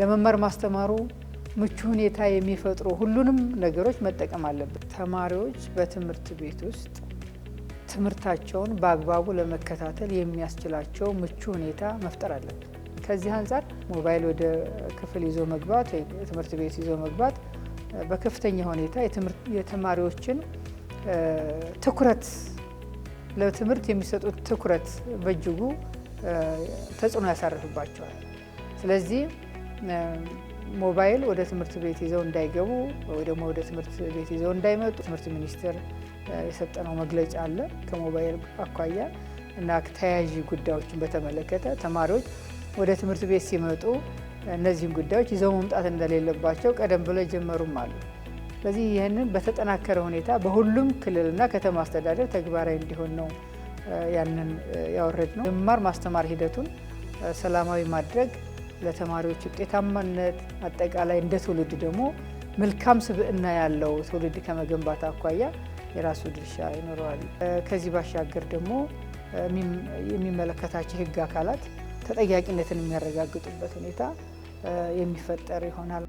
ለመማር ማስተማሩ ምቹ ሁኔታ የሚፈጥሩ ሁሉንም ነገሮች መጠቀም አለበት። ተማሪዎች በትምህርት ቤት ውስጥ ትምህርታቸውን በአግባቡ ለመከታተል የሚያስችላቸው ምቹ ሁኔታ መፍጠር አለበት። ከዚህ አንጻር ሞባይል ወደ ክፍል ይዞ መግባት ወይ ትምህርት ቤት ይዞ መግባት በከፍተኛ ሁኔታ የተማሪዎችን ትኩረት ለትምህርት የሚሰጡት ትኩረት በእጅጉ ተጽዕኖ ያሳርፍባቸዋል። ስለዚህ ሞባይል ወደ ትምህርት ቤት ይዘው እንዳይገቡ ወይ ደግሞ ወደ ትምህርት ቤት ይዘው እንዳይመጡ ትምህርት ሚኒስቴር የሰጠነው መግለጫ አለ። ከሞባይል አኳያ እና ተያያዥ ጉዳዮችን በተመለከተ ተማሪዎች ወደ ትምህርት ቤት ሲመጡ እነዚህን ጉዳዮች ይዘው መምጣት እንደሌለባቸው ቀደም ብሎ ጀመሩም አሉ። ስለዚህ ይህንን በተጠናከረ ሁኔታ በሁሉም ክልልና ከተማ አስተዳደር ተግባራዊ እንዲሆን ነው ያንን ያወረድ ነው። መማር ማስተማር ሂደቱን ሰላማዊ ማድረግ ለተማሪዎች ውጤታማነት፣ አጠቃላይ እንደ ትውልድ ደግሞ መልካም ስብዕና ያለው ትውልድ ከመገንባት አኳያ የራሱ ድርሻ ይኖረዋል። ከዚህ ባሻገር ደግሞ የሚመለከታቸው የሕግ አካላት ተጠያቂነትን የሚያረጋግጡበት ሁኔታ የሚፈጠር ይሆናል።